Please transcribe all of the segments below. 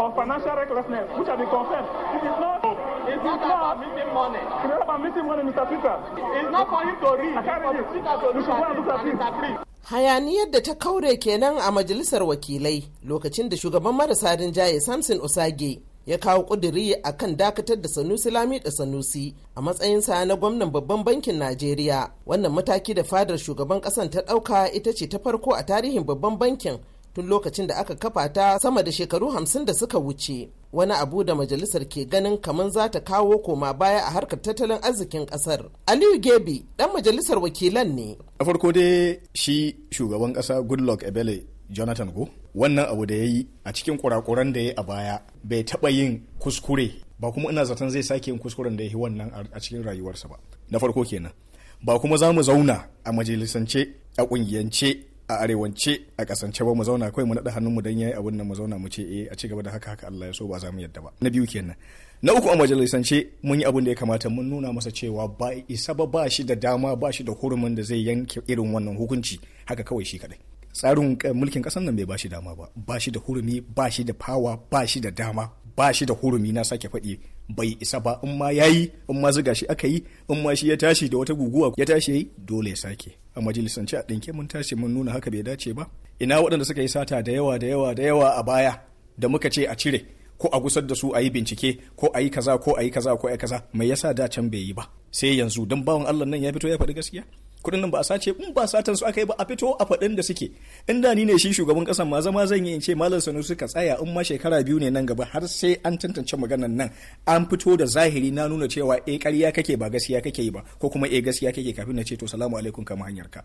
on financial recklessness, which I be confessed. It is not. It's not, not about meeting money. It's not about meeting money, Mr. Peter. It's not for you to read. I can't read it. You should go and look at it. Hayaniyar da ta kaure kenan a majalisar wakilai lokacin da shugaban marasa rinjaye Samson Osage ya kawo kuduri a kan dakatar da sanusi lami da sanusi a matsayinsa na gwamnan babban bankin najeriya wannan mataki da fadar shugaban kasan ta ɗauka ita ce ta farko a tarihin babban bankin tun lokacin da aka kafa ta sama da shekaru hamsin da suka wuce wani abu da majalisar ke ganin kamar za ta kawo koma baya a harkar tattalin arzikin kasar aliyu Gebe dan majalisar wakilan ne a farko dai shi shugaban kasa goodluck ebele jonathan go wannan abu da ya yi a cikin kurakuran da ya a baya bai taba yin kuskure ba kuma ina zaton zai sake yin kuskuren da ya yi wannan a cikin rayuwarsa ba na farko kenan ba kuma za mu zauna a majalisance a ƙungiyance a arewance a kasance ba mu zauna kawai mu naɗa hannun mu dan yayi abin nan mu zauna mu ce eh a ci gaba da haka haka Allah ya so ba za mu yadda ba na biyu kenan na uku a majalisance mun yi abun da ya kamata mun nuna masa cewa ba isa ba ba shi da dama ba shi da hurumin da zai yanke irin wannan hukunci haka kawai shi kadai tsarin eh, mulkin kasan nan bai ba shi dama ba ba shi da hurumi ba shi da fawa ba shi da dama ba shi da hurumi na sake faɗi bai isa ba in ma yayi in ma zuga shi aka yi in ma shi ya tashi da wata guguwa ya tashi yayi dole ya sake a ci a ɗinke mun tashi mun nuna haka bai dace ba ina waɗanda suka yi sata da yawa da yawa da yawa a baya da muka ce a cire ko a gusar da su a yi bincike ko a yi kaza ko a yi kaza ko a yi kaza mai yasa da can bai yi ba sai yanzu don bawan Allah nan ya fito ya faɗi gaskiya kudin nan ba a sace in ba satan su aka yi ba a fito a faɗin da suke in da ni ne shi shugaban kasan ma zama zan yi in ce malam sanusi ka tsaya in ma shekara biyu ne nan gaba har sai an tantance maganan nan an fito da zahiri na nuna cewa eh ƙarya kake ba gaskiya kake yi ba ko kuma eh gaskiya kake kafin na ce to salamu alaikum kama hanyar ka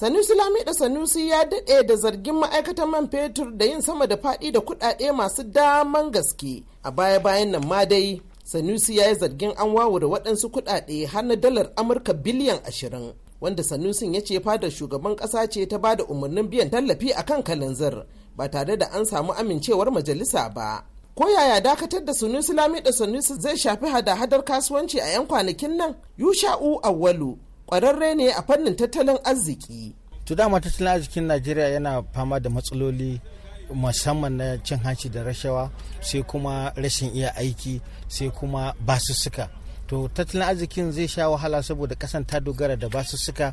sanusi lami da sanusi ya daɗe da zargin ma'aikatan man fetur da yin sama da faɗi da kuɗaɗe masu daman gaske a baya-bayan nan ma dai sanusi ya yi zargin an da waɗansu kuɗaɗe har na dalar amurka biliyan ashirin wanda sanusin ya ce fadar shugaban ƙasa ce ta ba da umarnin biyan tallafi a kan kalanzir ba tare da an samu amincewar majalisa ba ko yaya dakatar da sanusi lamiɗa sanusi zai shafi hada-hadar kasuwanci a 'yan kwanakin nan yusha'u awwalu kwararre ne a fannin tattalin arziki to dama tattalin arzikin najeriya yana fama da matsaloli musamman na cin hanci da rashawa sai kuma rashin iya aiki sai kuma basussuka to tattalin arzikin zai sha wahala saboda kasan ta dogara da basussuka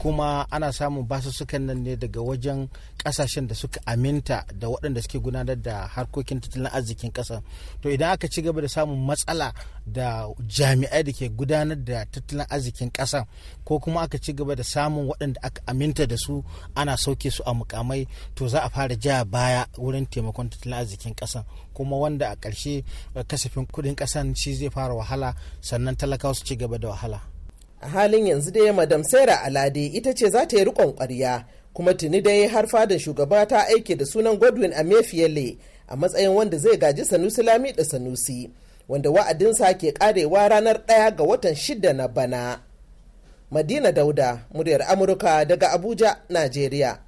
kuma ana samun basussukan nan ne daga wajen kasashen da suka aminta da waɗanda suke gudanar da harkokin tattalin arzikin ƙasa to idan aka ci gaba da samun matsala da jami'ai da ke gudanar da tattalin arzikin ƙasa ko kuma aka ci gaba da samun waɗanda aka aminta da su ana sauke su a mukamai to za a fara ja baya wurin taimakon tattalin arzikin ƙasa kuma wanda a ƙarshe eh, kasafin kuɗin ƙasan shi zai fara wahala sannan talakawa su ci gaba da wahala a halin yanzu dai madam saira alade ita ce za ta yi riƙon ƙwarya kuma tuni dai har fadin shugaba ta aike da sunan godwin amefiele a matsayin wanda zai gaji sanusi lami da sanusi wanda wa'adinsa ke karewa ranar ɗaya ga watan shida na bana madina dauda muryar amurka daga abuja najeriya